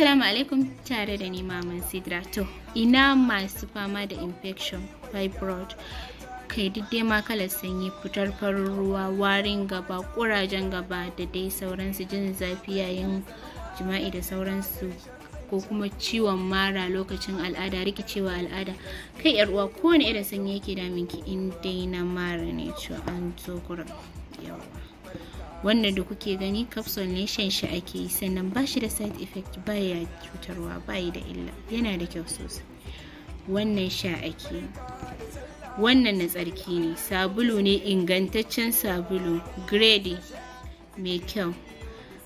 Assalamu alaikum tare da ni Maman Sidra to ina masu fama da infection fibroid kai dai ma kalar sanyi fitar farin ruwa warin gaba kurajen gaba da dai sauransu jin zafi yayin jima'i da sauransu ko kuma ciwon mara lokacin al'ada rikicewa al'ada kai yar uwa kowane irin sanyi yake daminki in dai na mara ne cewa an zo yawa wannan da kuke gani capsule ne shan shi ake yi sannan ba shi da side effect baya cutarwa bayi da illa yana da kyau sosai wannan sha ake wannan na tsarki ne sabulu ne ingantaccen sabulu grade mai kyau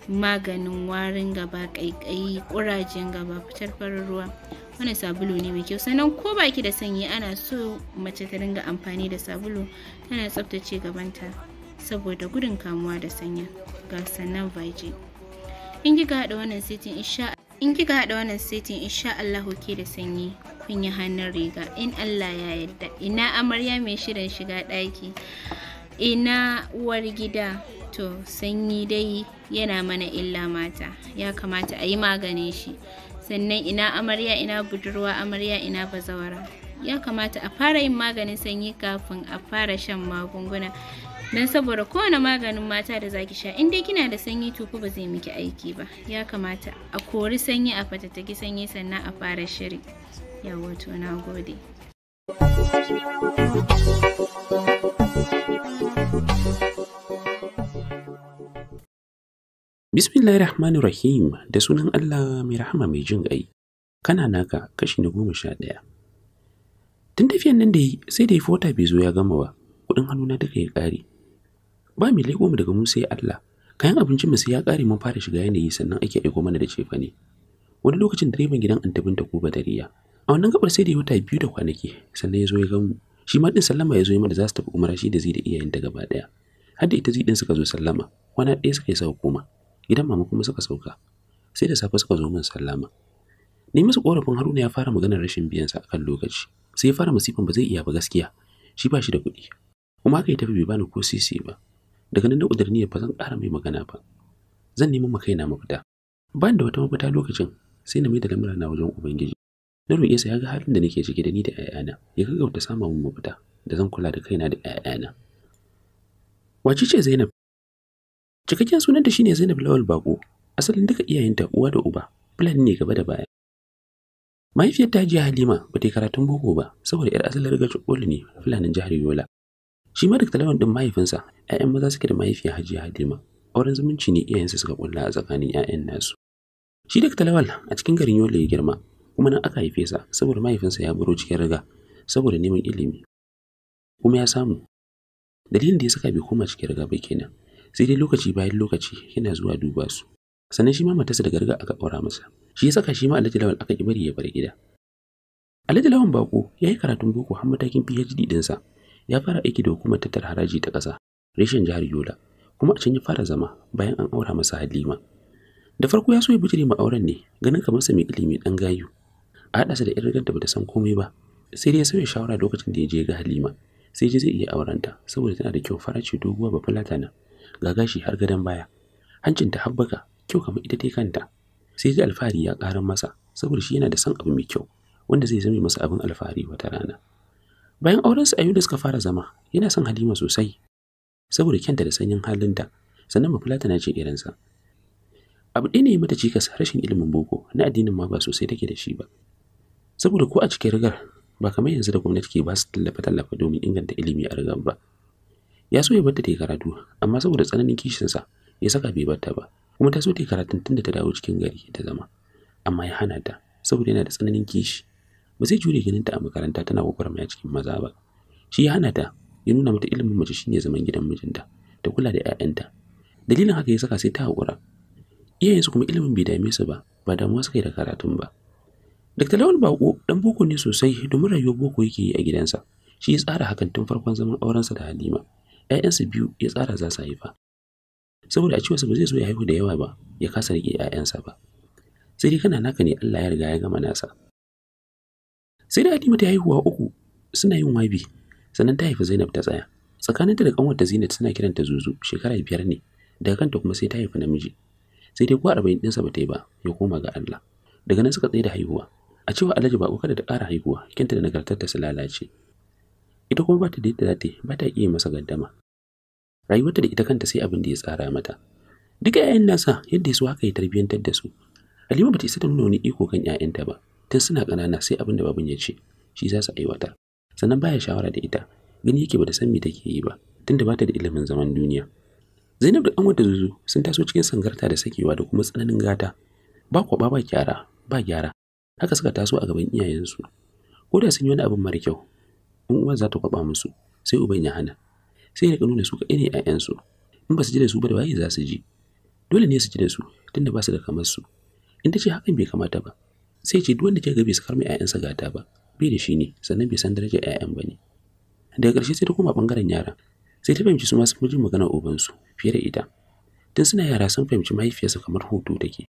maganin warin gaba ƙaiƙayi kurajen gaba fitar farin ruwa wannan sabulu ne mai kyau sannan ko baki da sanyi ana so mace ta dinga amfani da sabulu tana tsaftace gabanta saboda gudun kamuwa da sanya ga sannan vaje in kika haɗa wannan setin insha in sha Allahu ke da sanyi kun yi hannun riga in Allah ya yarda ina amarya mai shirin shiga ɗaki ina uwar gida to sanyi dai yana mana illa mata ya kamata a yi maganin shi sannan ina amarya ina budurwa amarya ina bazawara ya kamata a fara yin maganin sanyi kafin a fara shan magunguna don saboda kowane maganin mata da zaki sha in dai kina da sanyi to ku ba zai miki aiki ba ya kamata a kori sanyi a fatattaki sanyi sannan a fara shiri yawa to na gode Bismillahir Rahmanir Rahim da sunan Allah mai rahama mai jin ƙai. Kana naka kashi na goma sha ɗaya. Tun tafiyan nan da yi sai da ya fota bai zo ya gama ba, kuɗin hannuna duka ya ƙare. ba mai lego mu daga mu sai Allah kayan abincin mu sai ya kare mun fara shiga yanayi sannan ake aiko mana da cefa wani lokacin direban gidan antabin ta ko badariya a wannan gabar sai da ya wuta biyu da kwanaki sannan ya zo ya gamu shi ma din sallama ya zo ya da za su tafi umara shi da zai da iyayen ta gaba daya har da ita zai din suka zo sallama kwana ɗaya suka yi sauka koma gidan mama kuma suka sauka sai da safe suka zo min sallama ni musu korafin Haruna ya fara maganar rashin biyan akan lokaci sai ya fara musifin ba zai iya ba gaskiya shi ba shi da kuɗi kuma haka ya tafi bai bani ko sisi ba daga nan na da niyyar ba zan ƙara mai magana ba zan nemi ma kaina mafita bayan da wata mafita lokacin sai na mai da lamura na wajen ubangiji na roƙe sa ya ga halin da nake ciki da ni da ƴaƴana ya gaggauta sama min mafita da zan kula da kaina da 'ya'yana wace ce Zainab cikakken sunanta shine Zainab Lawal Bako asalin duka iyayenta uwa da uba fulani ne gaba da baya mahaifiyar ta ji halima ba ta yi karatun boko ba saboda yar asalin rigar ƙoli ne fulanin jihar yola shi ma Dr. Lawan din mahaifinsa ƴaƴan maza suke da mahaifiya Hajiya Hadima auren zumunci ne iyayensa suka kulla a tsakanin ƴaƴan nasu shi Dr. Lawal a cikin garin Yola ya girma kuma nan aka haife sa saboda mahaifinsa ya buro cikin riga saboda neman ilimi kuma ya samu dalilin da ya saka bai koma cikin riga ba kenan sai dai lokaci bayan lokaci yana zuwa duba su sannan shi ma matarsa daga riga aka aura masa shi ya saka shi ma Alhaji Lawal aka ki bari ya bar gida Alhaji Lawan Bako ya yi karatun boko har matakin PhD dinsa ya fara aiki da hukumar tattara haraji ta ƙasa reshen jihar yola kuma a can ya fara zama bayan an aura masa halima da farko ya so ya bijire ma auren ne ganin kamar sa mai ilimi dan gayu a haɗa da irin ganta ba bata san komai ba sai dai ya sauya shawara lokacin da ya je ga halima sai ji zai iya aurenta saboda tana da kyau fara ce doguwa ba fulata na ga gashi har gadon baya hancin ta habbaka kyau kamar ita ta kanta sai ji alfahari ya ƙaran masa saboda shi yana da san abu mai kyau wanda zai zame masa abin alfahari wata rana bayan auren su ayu da suka fara zama yana son halima sosai saboda kyanta da sanyin halinta sannan mafilata na ce irinsa abu ɗaya ne ya mata cikas rashin ilimin boko na addinin ma ba sosai take da shi ba saboda ko a cikin rigar ba kamar yanzu da gwamnati ke ba su tallafa-tallafa domin inganta ilimi a rigar ba ya so ya bar ta yi karatu amma saboda tsananin kishinsa ya saka bai bata ba kuma ta so ta yi karatun tun da ta dawo cikin gari ta zama amma ya hana ta saboda yana da tsananin kishi ba zai jure ganin ta a makaranta tana gwagwarmaya cikin maza ba shi ya hana ta ya nuna mata ilimin mace shine zaman gidan mijinta ta kula da 'ya'yanta dalilin haka ya saka sai ta haƙura iyayensu kuma ilimin bai dame su ba ba damuwa suka yi da karatun ba Dr. Lawal Bako dan boko ne sosai domin rayuwar boko yake yi a gidansa. Shi ya tsara hakan tun farkon zaman aurensa da Halima. ‘Ya'yansa biyu ya tsara za su haifa. Saboda a cewarsa ba zai so ya haihu da yawa ba, ya kasa riƙe ‘ya'yansa ba. Sai dai kana naka ne Allah ya riga ya gama nasa. sai da Adima ta haihuwa uku suna yin wabi sannan ta haifi Zainab ta tsaya tsakaninta da kanwarta Zainab suna kiranta Zuzu shekara biyar ne daga kanta kuma sai ta haifi namiji sai dai ko arba'in ɗinsa ba ta yi ba ya koma ga Allah daga nan suka tsaye da haihuwa a cewa Alhaji ba kada ta ƙara haihuwa kinta da nagartarta su lalace ita kuma ba ta da yadda za ta ba ta iya masa gaddama rayuwarta da ita kanta sai abin da ya tsara mata duka 'ya'yan nasa yadda ya so haka ya tarbiyyantar da su Halima ba ta isa ta nuna wani iko kan 'ya'yanta ba tun suna ƙanana sai abin da babin ya ce shi za su aiwatar sannan baya shawara da ita gani yake bata san me take yi ba tunda bata da ilimin zaman duniya Zainab da Anwar da Zuzu sun taso cikin sangarta da sakewa da kuma tsananin gata ba kwaba ba kyara ba gyara haka suka taso a gaban iyayensu ko da sun yi wani abin mara kyau in uwa za ta kwaba musu sai uban ya hana sai ya nuna su kaɗai ne 'ya'yansu in ba su ji da su ba da waye za su ji dole ne su ji da su tunda ba su da kamar su in ta ce hakan bai kamata ba sai ce duk wanda ke ga bai sakar mai ƴaƴansa gata ba bai da shi ne sannan bai san darajar ƴaƴan ba ne daga ƙarshe sai ta koma ɓangaren yara sai ta fahimci su ma sun fi magana ubansu fiye da ita tun suna yara sun fahimci mahaifiyarsa kamar hutu take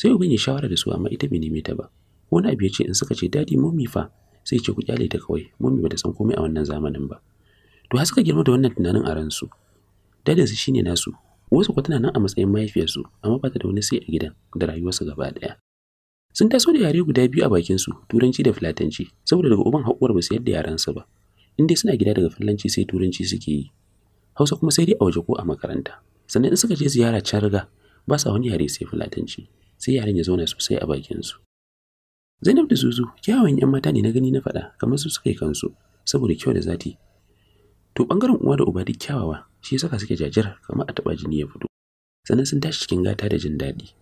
sai uban ya shawara da su amma ita bai neme ta ba wani abu ya ce in suka ce dadi momi fa sai ce ku kyale ta kawai ba bata san komai a wannan zamanin ba to har suka girma da wannan tunanin a ransu dadinsu shine nasu wasu kuwa tana nan a matsayin mahaifiyarsu amma ba ta da wani sai a gidan da rayuwarsa gaba ɗaya sun taso da yare guda biyu a su turanci da filatanci saboda daga uban hakuwar ba su yadda yaransu ba in suna gida daga filanci sai turanci suke yi hausa kuma sai dai a waje ko a makaranta sannan in suka je ziyara can riga ba sa wani yare sai filatanci sai yaren ya zauna sosai a bakin su zainab da zuzu kyawun yan mata ne na gani na faɗa kamar su suka yi kansu saboda kyau da zati to bangaren uwa da uba duk kyawawa shi saka suke jajar kamar a taɓa jini ya fito sannan sun tashi cikin gata da jin daɗi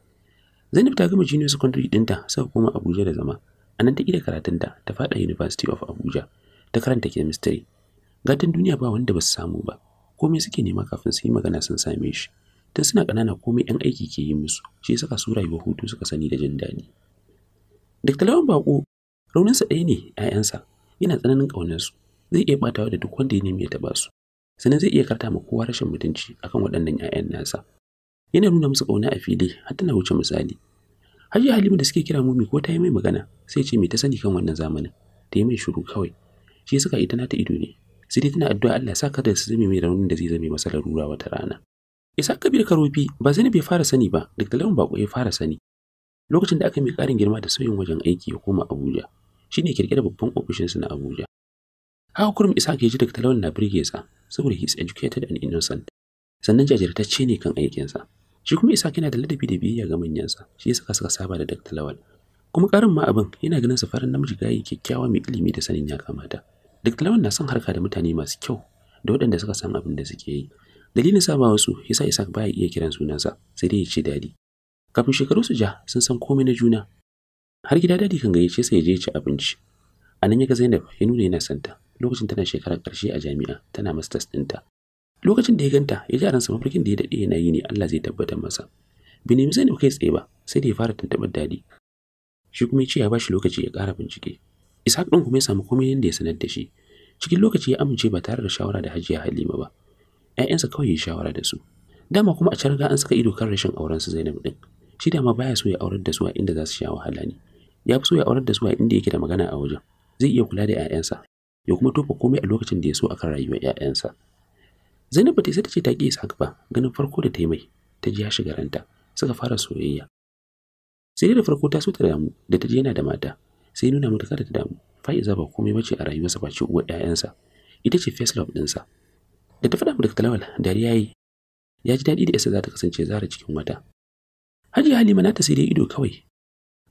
Zainab ta gama junior secondary ɗinta suka koma Abuja da zama. A nan ta ƙi da karatunta ta faɗa University of Abuja ta karanta chemistry. Gatan duniya ba wanda ba su samu ba. Komai suke nema kafin su yi magana sun same shi. Tun suna ƙanana komai 'yan aiki ke yi musu, shi saka su rayuwar hutu suka sani da jin daɗi. Dr. Lawan Bako rauninsa ɗaya ne 'ya'yansa yana tsananin ƙaunarsu zai iya ɓatawa da duk wanda ya nemi ya taɓa su sannan zai iya karta ma kowa rashin mutunci akan waɗannan 'ya'yan nasa yana nuna musu ƙauna a fili har tana wuce misali Hajiya Halima da suke kira Mumi ko ta yi mai magana sai ce mai ta sani kan wannan zamanin ta yi mai shiru kawai shi suka ita ta ido ne sai dai tana addu'a Allah sa kada su zame mai raunin da zai zame masalar rura wata rana Isa Kabir Karofi ba zani bai fara sani ba duk da lawan bako ya fara sani lokacin da aka mai karin girma da sauyin wajen aiki ya koma Abuja shine kirkira babban ofishin su na Abuja Haka kurum Isa ke ji da talawan na birge sa saboda is educated and innocent sannan jajirtacce ne kan aikinsa shi kuma isa yana da ladabi da biyayya ga manyansa shi yasa suka saba da Dr. Lawal kuma karin ma abin yana ganin safarin namiji gayi kyakkyawa mai ilimi da sanin ya kamata Dr. Lawal na son harka da mutane masu kyau da waɗanda suka san abin da suke yi dalilin ba wasu yasa Isa ba ya iya kiran sunansa sai dai ya ce dadi kafin shekaru su ja sun san komai na juna har gida dadi kan gayyace sai ya je ci abinci a nan ya ga Zainab ya nuna yana santa lokacin tana shekarar ƙarshe a jami'a tana masters ɗinta lokacin da ya ganta ya ji a ransa mafarkin da ya daɗe yana yi ne Allah zai tabbatar masa bai nemi sani kai tsaye ba sai da ya fara tantabar dadi shi kuma ya ce ya ba shi lokaci ya ƙara bincike ishaq ɗin kuma ya samu komai yadda ya sanar da shi cikin lokaci ya amince ba tare da shawara da hajiya halima ba ‘ya'yansa kawai ya shawara da su dama kuma a can riga an saka ido kan rashin auren su zainab ɗin shi dama baya so ya aurar da su a inda za su sha wahala ne ya fi so ya aurar da su a inda yake da magana a wajen zai iya kula da 'ya'yansa ya kuma tofa komai a lokacin da ya so akan rayuwar 'ya'yansa Zainab ba ta isa ta ce ta ƙi Ishaq ba, ganin farko da ta yi mai, ta ji ya shiga ranta, suka fara soyayya. Sai dai da farko ta so ta damu da ta ji yana da mata, sai nuna mata kada ta damu. Fa'iza ba komai bace a rayuwarsa ba ce uwar ƴaƴansa, ita ce face love ɗinsa. Da ta faɗa daga Talawal, ya yi, ya ji daɗi da isa za ta kasance zara cikin wata. Hajiya Halima nata sai dai ido kawai.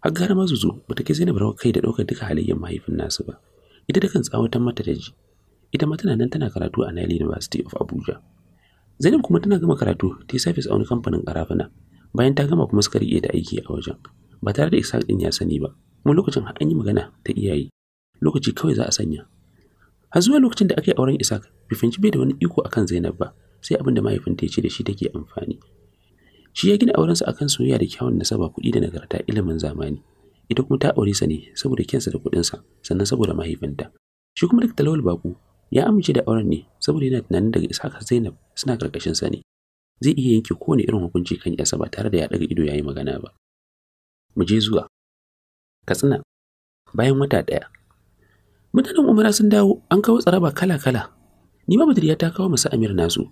Har gara mazuzu ta kai Zainab rawar kai da ɗaukar duka halayyar mahaifin nasu ba. Ita da kan tsawatan mata da ji. ita ma tana nan tana karatu a Nile University of Abuja. Zainab kuma tana gama karatu ta yi service a wani kamfanin karafuna bayan ta gama kuma suka riƙe ta aiki a wajen ba tare da Ishaq din ya sani ba kuma lokacin har an yi magana ta iyaye lokaci kawai za a sanya har zuwa lokacin da aka yi auren Isak, bai finci bai da wani iko akan Zainab ba sai abin da mahaifinta ya ce da shi take amfani shi ya gina aurensa akan soyayya da kyawun nasaba kuɗi da nagarta ilimin zamani ita kuma ta aure sa ne saboda kyansa da kuɗinsa sannan saboda mahaifinta shi kuma duk talawal baku ya amince da auren ne saboda yana tunanin daga Ishaq Zainab suna karkashin sa ne zai iya yanke kowane irin hukunci kan yasa ba tare da ya daga ido yayi magana ba mu je zuwa Katsina bayan wata daya mutanen Umara sun dawo an kawo tsaraba kala-kala ni ma Badriya ta kawo musu Amir nasu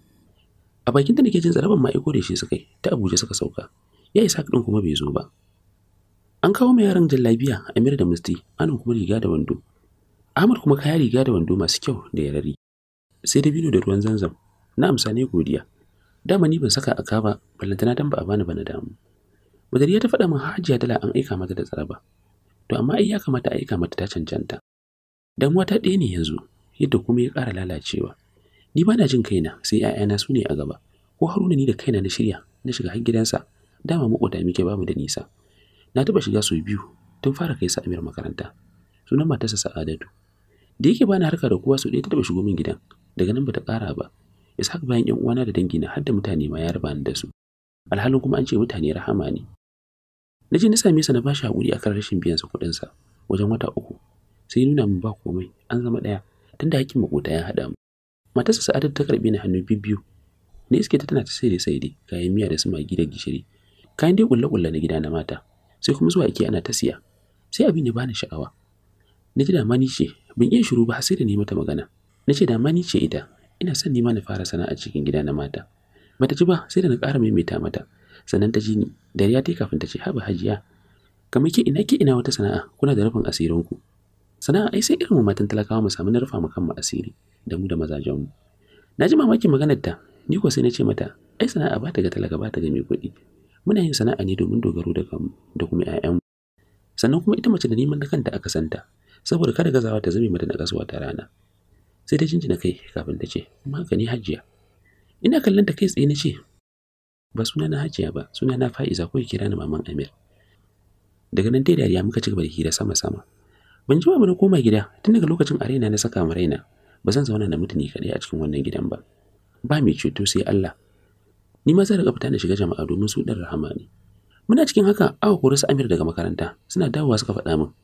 a bakin da nake jin tsaraban ma iko da shi suka ta Abuja suka sauka ya isa din kuma bai zo ba an kawo ma yaran jallabiya Amir da Musti anan kuma riga da wando Ahmad kuma kaya riga da wando masu kyau da yarari. Sai da bino da ruwan zanzam. Na amsa ne godiya. Dama ni ban saka aka ba, ballantana dan ba a bani ba na damu. Madariya ta faɗa min hajiya dala an aika mata da tsaraba. To amma ai ya kamata aika mata ta cancanta. Damuwa ta ɗaya ne yanzu, yadda kuma ya ƙara lalacewa. Ni ba na jin kaina sai ‘ya'yana su ne a gaba. Ko Haruna ni da kaina na shirya, na shiga har gidansa, dama maƙota muke babu da nisa. Na taɓa shiga sau biyu tun fara kai sa Amir makaranta. Sunan matarsa Sa'adatu. da yake bani harka da kowa sau ɗaya ta taɓa shigo min gidan daga nan bata ƙara ba ishaq bayan yan uwana da dangina har da mutane ma ya raba ni da su alhalin kuma an ce mutane rahama ne na je na same sa na bashi haƙuri akan rashin biyan sa kuɗin sa wajen wata uku sai nuna min ba komai an zama ɗaya tunda hakkin makota ya haɗa mu matarsa sa'adar ta karbi ni hannu biyu na iske ta tana ta sai da sai dai kayan miya da su magi da gishiri kayan dai kulle-kulle na gida na mata sai kuma zuwa ake ana ta siya sai abin ya bani sha'awa na ji da ni ce Ban iya shiru ba sai da ni mata magana. Na ce da ma ni ce ita, ina son ni ma na fara sana'a cikin gida na mata. Bata ji ba sai da na ƙara maimaita mata, sannan ta ji ni, dariya ta kafin ta ce haba hajiya. Kamar ke ina ke ina wata sana'a kuna da rufin ku. Sana'a ai sai irin mu matan talakawa mu samu na rufa mu kanmu asiri da mu da mazajenmu. Na ji mamakin maganar ta, ni ko sai na ce mata, ai sana'a ba ta ga talaka ba ta ga mai kuɗi. Muna yin sana'a ne domin dogaro da kanmu da kuma 'ya'yanmu. sannan kuma ita mace da neman da kanta aka santa saboda kada gazawa ta zame mata na kasuwa ta rana sai ta jinjina kai kafin ta ce kuma hajiya ina kallon ta kai tsaye na ce ba suna na hajiya ba suna na fa'iza ko kira ni maman amir daga nan dai dariya muka cigaba da hira sama sama ban ji ba na koma gida tun daga lokacin a raina na saka ma raina ba zan zauna na mutune kaɗai a cikin wannan gidan ba ba mai ceto sai Allah ni ma zan riga fita na shiga jama'a domin su ɗan rahama ne muna cikin haka aka kori su Amir daga makaranta suna dawowa suka faɗa min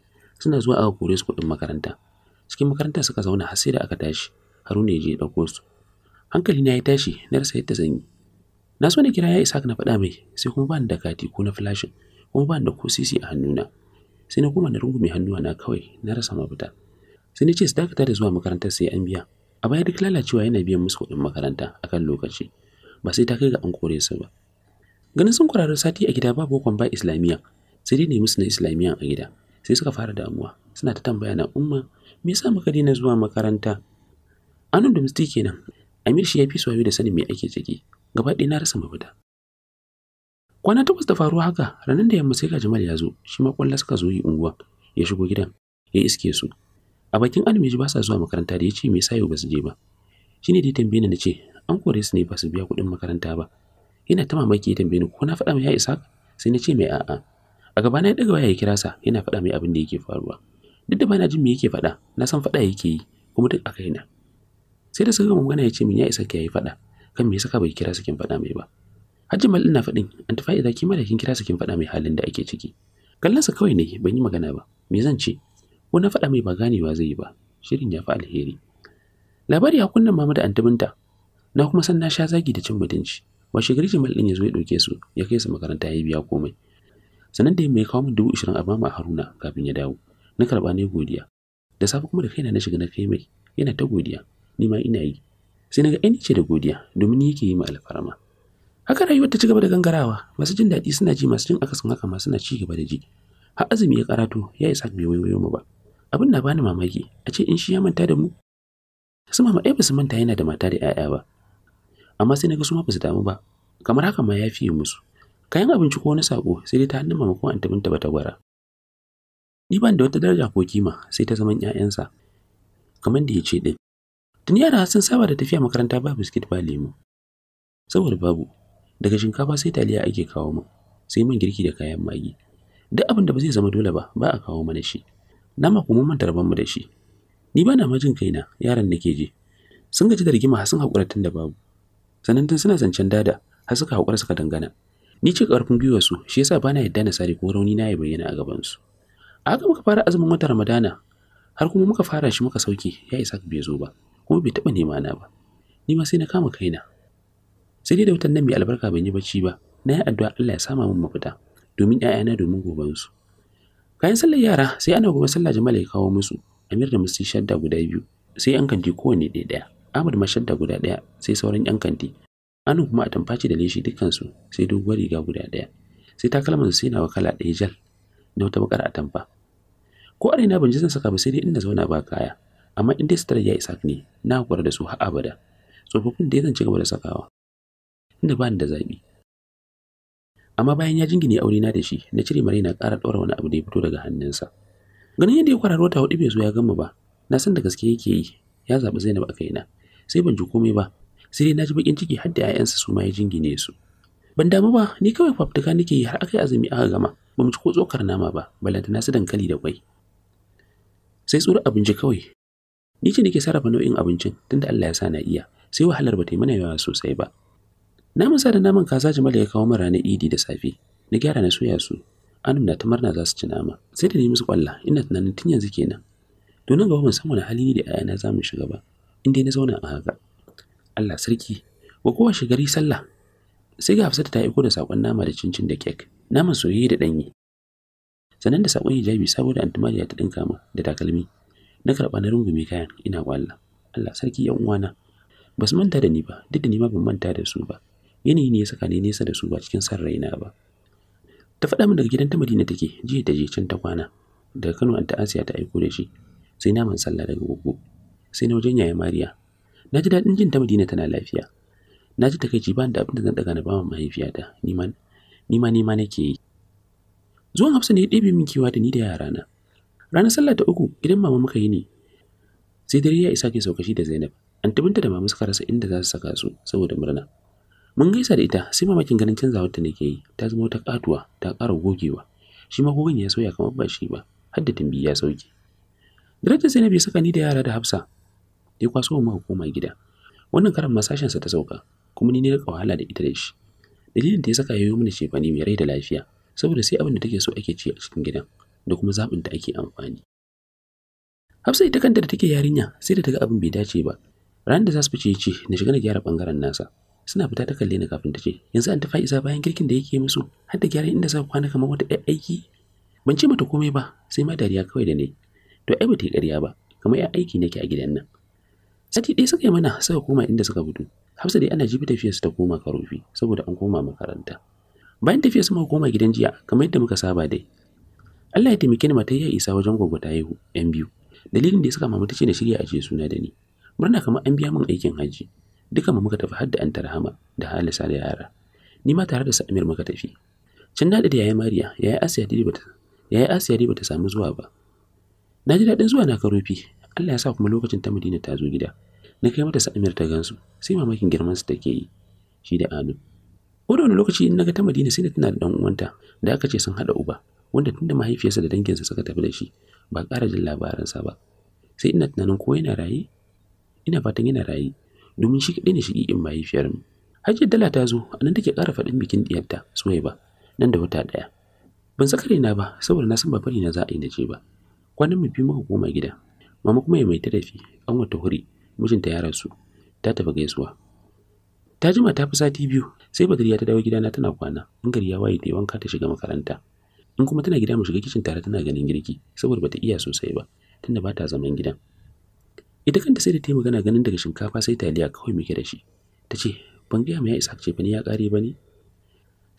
suna zuwa aka kore su kuɗin makaranta cikin makaranta suka zauna har sai da aka tashi haruna ya je ya ɗauko su hankali na ya tashi na rasa yadda zan yi na so na kira ya isa na faɗa mai sai kuma ba ni da kati ko na flashin kuma ba ni da ko sisi a hannuna sai na kuma na rungume hannuwa na kawai na rasa mafita sai na ce su dakata da zuwa makarantar sai an biya a baya duk lalacewa yana biyan musu kuɗin makaranta akan lokaci ba sai ta kai ga an kore su ba ganin sun kwararru sati a gida babu kwamba islamiyya sai dai ne musu na islamiyya a gida sai suka fara damuwa suna ta tambaya na umma me yasa muka daina zuwa makaranta anun domestic kenan amir shi ya fi soyayya da sanin me ake ciki gaba ɗaya na rasa mafita kwana takwas da faruwa haka ranar da yamma sai ga jamal ya zo shi ma kwalla suka zo yi unguwa ya shigo gidan ya iske su a bakin anime ji ba sa zuwa makaranta da ya ce me yasa yau ba su je ba shine dai tambaye ni ce. an kore su ne ba su biya kuɗin makaranta ba yana ta mamaki ya tambaye ko na faɗa mai ya isa sai na ce mai a'a a gaba na daga waya ya kira sa yana faɗa mai abin da yake faruwa duk da bana jin me yake faɗa na san faɗa yake yi kuma duk a na. sai da suka gama magana ya ce min ya isa ki yayi faɗa kan me saka bai kira su kin faɗa mai ba hajji mal ina faɗin an tafi idan ki mara kin kira sakin faɗa mai halin da ake ciki kallansa kawai ne ban yi magana ba me zan ce ko na faɗa mai ba ganewa zai yi ba shirin ya fi alheri labari ya kunna mama da antubinta na kuma san na sha zagi da cin mutunci washe gari jimal din ya zo ya ɗauke su ya kai su makaranta ya biya komai sannan da mai ya kawo min dubu 20 a bama haruna kafin ya dawo na karba ne godiya da safe kuma da kaina na shiga na kai mai yana ta godiya ni ma ina yi sai na ga ce da godiya domin ni yake yi ma alfarma haka rayuwar ta ci gaba da gangarawa masu jin daɗi suna ji masu jin akasin haka ma suna ci gaba da ji har azumi ya karato ya isa bai wayoyo mu ba abin na bani mamaki a ce in shi ya manta da mu su mama ai basu manta yana da mata da 'ya'ya ba amma sai na ga su ma basu damu ba kamar haka ma ya fiye musu kayan abinci ko wani sako sai dai ta hannun mamakon antibinta bata gwara ni ban da wata daraja ko kima sai ta zaman 'ya'yansa kamar da ya ce din tun yara sun saba da tafiya makaranta ba biskit ba lemu saboda babu daga shinkafa sai taliya ake kawo min sai min girki da kayan magi duk abin da ba zai zama dole ba ba a kawo mana shi nama kuma mun tarban mu da shi ni ba na majin kaina yaran nake je sun gaji da rigima har sun haƙura tun da babu sannan suna zancen dada har suka haƙura suka dangana ni ci karfin gwiwar su shi yasa bana yadda na sare ko rauni na ya bayyana a gaban su haka muka fara azumin watan ramadana har kuma muka fara shi muka sauke ya isa bai zo ba kuma bai taba nema na ba ni ma sai na kama kaina sai dai da watan nan mai albarka ban yi bacci ba na yi addu'a Allah ya sama min mafita domin ƴaƴana domin gobansu kayan sallar yara sai ana gobe sallar jama'a ya kawo musu Amir da musu shadda guda biyu sai an kanti kowanne ɗaya ɗaya Ahmad ma shadda guda ɗaya sai sauran yan kanti Anu kuma atamfa ce da leshi dukkansu sai doguwar riga guda ɗaya. Sai takalman sai nawa kala ɗaya jal na wata bakar atamfa. Ko a raina ban ji zan saka ba sai dai inda zauna ba kaya. Amma in dai sutura ya isa ne na hakura da su har abada. Tsofaffin ya zan ci gaba da sakawa. Inda ba ni da zaɓi. Amma bayan ya jingine aure na da shi na cire mare na ƙara ɗora wani abu da ya fito daga hannunsa. Ganin yadda ya kwararo ta hudu bai zo ya gama ba. Na san da gaske yake yi ya zaɓi Zainab a kaina. Sai ban ji komai ba sai dai na ji bakin ciki har da 'ya'yansa su ma ya jingine su ban damu ba ni kawai fafutuka nake yi har aka azumi aka gama ba mu ci ko tsokar nama ba balanta na su dankali da kwai sai tsura abinci kawai ni ce nake sarrafa nau'in abincin tunda Allah ya sa na iya sai wahalar ba ta yi mana yawa sosai ba na musa da naman kaza Jamal ya kawo min ranar Idi da safe na gyara na soya su Anum na ta za su ci nama sai da ni musu kwalla ina tunanin tun yanzu kenan to nan gaba ban san wani hali ne da ayana za mu shiga ba in na zauna a haka Allah sarki wa kowace gari sallah sai ga Hafsatu ta aiko da sakon nama da cincin da kek naman soyayye da danye sannan da sakon hijabi saboda antumariya ta dinka ma da takalmi na karɓa na rungume kayan ina kwalla Allah sarki yan uwana ba su manta da ni ba duk da ni ma ban manta da su ba yanayi ne ya saka ni nesa da su ba cikin san raina ba ta faɗa min daga gidan ta Madina take jiya ta je can ta kwana daga Kano an ta Asiya ta aiko da shi sai naman sallah daga gugu. sai na wajen yaya Mariya na ji daɗin jin ta madina tana lafiya na ji takaici ban da abin da zan daga na ba mahaifiyata ni ma ni ma nake yi zuwan hafsa ne ya ɗebe min kewa da ni da yarana ranar sallah ta uku idan mama muka yi ne sai dare ya isa ke saukashi da zainab an da mama suka rasa inda za su saka su saboda murna mun gaisa da ita sai mamakin ganin canzawar ta nake yi ta zama wata katuwa ta ƙara gogewa shi ma gogon ya sauya kamar ba shi ba har da tumbi ya sauke darajar zainab ya saka ni da yara da hafsa ya kwaso muka koma gida wannan karan sa ta sauka kuma ni ne na wahala da ita da shi dalilin da ya saka yayo mana shefani mai rai da lafiya saboda sai abin da take so ake ci a cikin gidan da kuma zaɓin da ake amfani Hafsa ita kanta da take yarinya sai da ta ga abin bai dace ba ranar da za su fice ce na shiga na gyara bangaren nasa suna fita ta kalle ni kafin ta ce yanzu an tafa isa bayan girkin da yake musu har da gyaran inda za kwana kamar wata aiki ban ce mata komai ba sai ma dariya kawai da ne to ai bata yi ƙarya ba kamar ya aiki nake a gidan nan sati ɗaya suka yi mana suka koma inda suka fito hafsa dai ana jibi tafiyarsu ta koma karofi saboda an koma makaranta bayan tafiyarsu muka koma gidan jiya kamar yadda muka saba dai Allah ya taimake ni mata ya isa wajen gwagwa ta haihu yan biyu dalilin da ya saka mama ta ce na shirya ajiye suna da ni murna kamar an biya min aikin hajji duka mu muka tafi har da ta Rahama da Halisa da yara. Ni ma tare da Samir muka tafi. Can na da yayi Mariya, Yaya Asiya dai bata, bata samu zuwa ba. Na ji daɗin zuwa na karofi, Allah ya sa kuma lokacin ta Madina ta zo gida na kai mata sa'imir ta gansu sai mamakin girman su take yi shi da Anu ko da wani lokaci in naga ta Madina sai na tuna da dan uwanta da aka ce sun hada uba wanda tunda mahaifiyarsa da danginsa suka tafi da shi ba ƙara jin labaransa ba sai ina tunanin ko yana raye ina fatan yana raye domin shi kaɗai ne shigi'in mahaifiyar mu hajjiyar dala ta zo a nan take ƙara faɗin bikin ɗiyarta ba nan da wata ɗaya ban saka na ba saboda na san ba fari na za a yi na ce ba kwanan mu fi muka koma gida mama kuma ya mai dafi, an wata huri mijinta ya rasu ta tafi gaisuwa ta jima ta fi sati biyu sai ya ta dawo gidana tana kwana in gari ya waye ta wanka ta shiga makaranta in kuma tana gida mu shiga kicin tare tana ganin girki saboda bata iya sosai ba tunda ba ta zaman gidan ita kanta sai da ta yi magana ganin daga shinkafa sai taliya kawai muke da shi ta ce ban gaya ma ya isa ce ne ya kare ba ne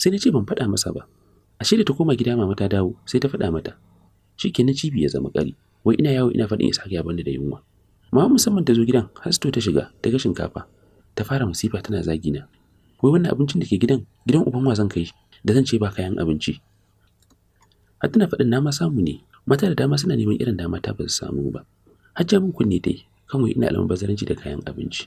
sai na ce ban faɗa masa ba ashe da ta koma gida mama ta dawo sai ta faɗa mata shi na cibi ya zama ƙari wai ina yawo ina faɗin isa ya bani da yunwa mama musamman ta zo gidan har hasto ta shiga ta ga shinkafa ta fara musifa tana zagi na wai wannan abincin da ke gidan gidan uban wa zan kai da zan ce ba kayan abinci har tana faɗin na ma samu ne mata da dama suna neman irin dama ta ba su samu ba hajja mun kunne dai kan wai ina alamun bazaranci da kayan abinci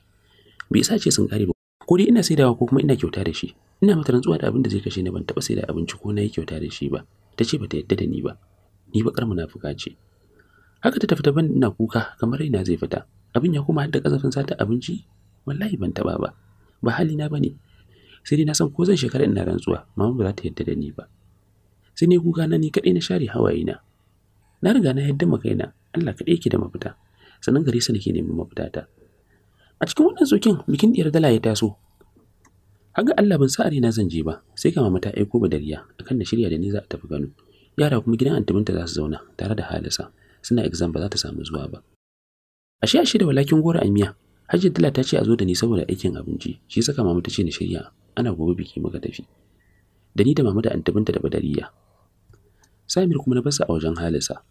bai isa ce sun kare ba ko dai ina saidawa ko kuma ina kyauta da shi ina mata rantsuwa da abin da zai kashe ni ban taɓa saida abinci ko na yi kyauta da shi ba ta ce ba ta yadda da ni ba ni baƙar munafuka ce haka ta tafi ta bani ina kuka kamar raina zai fita abin ya kuma hadda kasafin sata abinci wallahi ban taba ba ba hali na bane sai dai na san ko zan shekara ina rantsuwa mama ba za ta yadda da ni ba sai ne kuka na ni kadai na share hawaye na na riga na yadda maka ina Allah ka dake da mafita sanan gare su nake neman mafita ta a cikin wannan zokin bikin diyar dala ya taso haga Allah ban sa'ari na zan je ba sai ka mama ta aiko ba dariya akan na shirya da ni za a tafi gano. yara kuma gidan antubinta za su zauna tare da Halisa suna exam ba za ta samu zuwa ba a shi a shi da walakin gora a miya hajji dala ta ce a zo da ni saboda aikin abinci shi saka mamu ta ce ni shirya ana gobe biki muka tafi da ni da mamu da antabinta da badariya samir kuma na basa a wajen halisa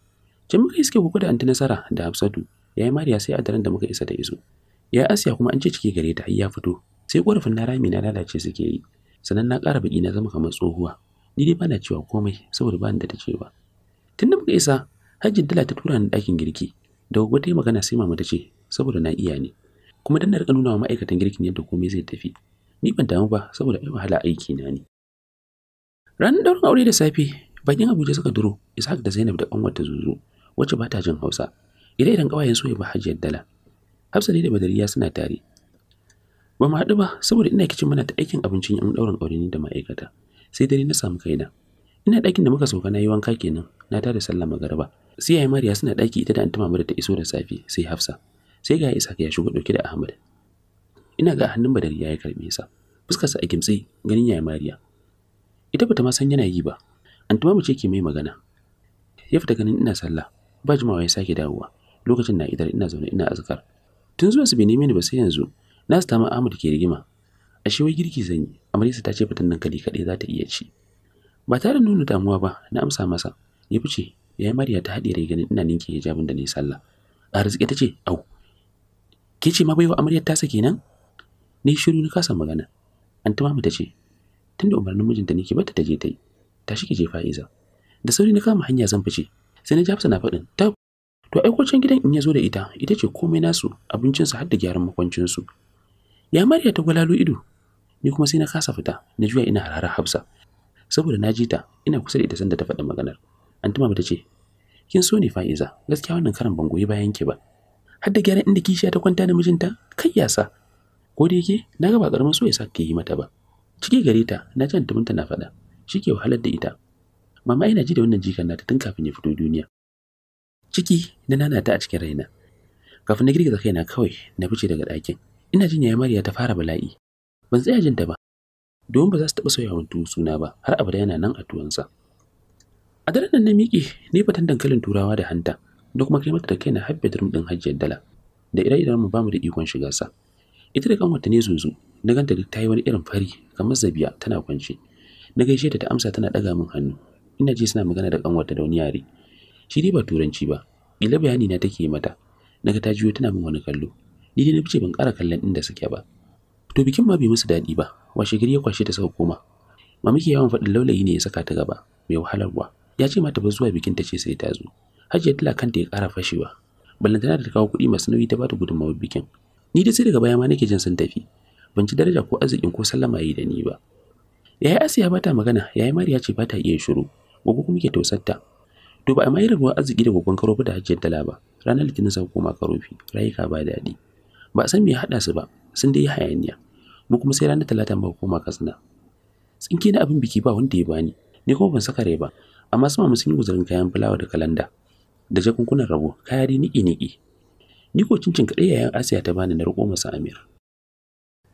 can muka iske kuku da anti nasara da hafsatu ya yi mariya sai a daren da muka isa da iso ya asiya kuma an ce cike gare ta ya fito sai korafin na rami na lalace suke yi sannan na kara baki na zama kamar tsohuwa ni dai bana cewa komai saboda bani da ta cewa tun da muka isa Hajjin dala ta tura ni dakin girki. Da gogo ta yi magana sai mama ta ce, saboda na iya ne. Kuma dan na rika nuna wa ma'aikatan girkin yadda komai zai tafi. Ni ban damu ba saboda ai wahala aiki na ne. Ranar daurin aure da safe, bakin Abuja suka duro, Ishaq da Zainab da ƙanwar ta zuzu, wacce ba ta jin Hausa. Ire idan ƙawayen soyayya ba Hajjiyar Dala. Hafsa da Badariya suna tare. Ba mu haɗu ba saboda ina kicin mana ta aikin abincin yan ɗaurin aure ni da ma'aikata. Sai dare na samu kaina. ina ɗakin da muka sauka na yi wanka kenan na tada sallah magariba sai yayi mariya suna ɗaki ita da anta mamu ta iso da safe sai hafsa sai ga isa ya shigo ɗauke da ahmad ina ga hannun badari ya yi karɓe sa a gimtsi ganin yayi mariya ita bata ma san yana yi ba anta mamu ce ke mai magana ya fita ganin ina sallah ba jimawa ya sake dawowa lokacin na idar ina zaune ina azkar tun zuwa su bi neme ni ba sai yanzu na su ma Ahmad ke rigima ashe wai girki zan yi Amarisa ta ce fitan nan kali kaɗai za ta iya ci ba tare nuna damuwa ba na amsa masa ya fice ya yi mariya ta haɗe ganin, ina ninke hijabin da ni sallah a arziki ta ce au ke ce ma baiwa amaryar tasa kenan ni shiru na kasa magana an tuma mu ce tunda umarnin mijinta ne ke bata ta je ta yi tashi ki je fa'iza da sauri na kama hanya zan fice sai na ji hafsa na faɗin ta to ai kwacin gidan in ya zo da ita ita ce komai nasu abincin su har da gyaran makwancin su ya mariya ta gwalalo ido ni kuma sai na kasa fita na juya ina harara hafsa saboda na ji ta ina kusa da ita sanda ta faɗi maganar antuma ta ce kin so ne fa'iza gaskiya wannan karan ban goyi bayan ki ba har da gyaran inda kishiya ta kwanta da mijinta kai ya sa ko da yake na ga ba karamin so ya sa ke yi mata ba ciki gare ta na ji antuminta na faɗa shi ke wahalar da ita mama ina ji da wannan jikan nata tun kafin ya fito duniya ciki na nana ta a cikin raina kafin na girgiza kaina kawai na fice daga ɗakin ina jin yaya mariya ta fara bala'i ban tsaya ta ba domin ba za su taɓa sauyawa tuwo suna ba har abada yana nan a tuwansa. A daren nan na miƙe ne fatan dankalin turawa da hanta da kuma kai mata da kai na habbe drum ɗin hajjiyar dala da ira idan mu bamu da ikon shiga sa. Ita da kanwata ne zuzu na ganta duk ta yi wani irin fari kamar zabiya tana kwance. Na gaishe ta ta amsa tana ɗaga min hannu. Ina ji suna magana da kanwata da wani yare. Shi dai ba turanci ba. Ila bayani na take mata. Naga ta jiyo tana min wani kallo. Ni dai na fice ban ƙara kallon inda suke ba. To bikin ma bai musu daɗi ba, washe gari ya kwashe ta suka koma ke yawan faɗin laulayi ne ya saka ta gaba mai wahalar wa. ya ce mata ba zuwa bikin ta ce sai ta zo hajiya kan kanta ya ƙara fashewa ballantana da ta kawo kuɗi masu nauyi ta bata gudunmawar bikin ni da sai daga baya ma nake jin sun tafi ban ci daraja ko arzikin ko sallama yi da ni ba yayi asiya bata magana yayi mariya ce bata iya shiru gogo kuma ke tausarta. to ba a mai ruwan arziki da gogon karofi da hajiyar tala ba ranar litinin sa koma karofi rayuka ba daɗi ba a san me ya haɗa su ba sun dai hayaniya mu kuma sai ranar talata muka koma katsina tsinke na abin biki ba wanda ya bani ni kuma ban saka rai ba amma sama mu sun yi guzarin kayan fulawa da kalanda da jakunkunan rabo kaya dai niki-niki ni ko cincin kaɗai yayan asiya ta bani na riƙo masa amir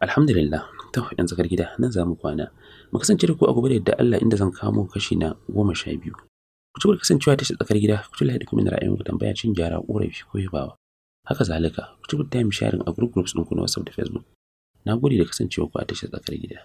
alhamdulillah to yan tsakar gida nan za mu kwana mu kasance da ku a gobe da yadda Allah inda zan kawo muku kashi na goma sha biyu ku ci kasancewa ta tsakar gida ku ci da kuma ra'ayin ku tambaya cin gyara ƙorafi ko yabawa haka zalika ku ci ku time sharing a group groups ɗinku na WhatsApp da Facebook Na gode da kasancewa ku a tashar tsakar gida.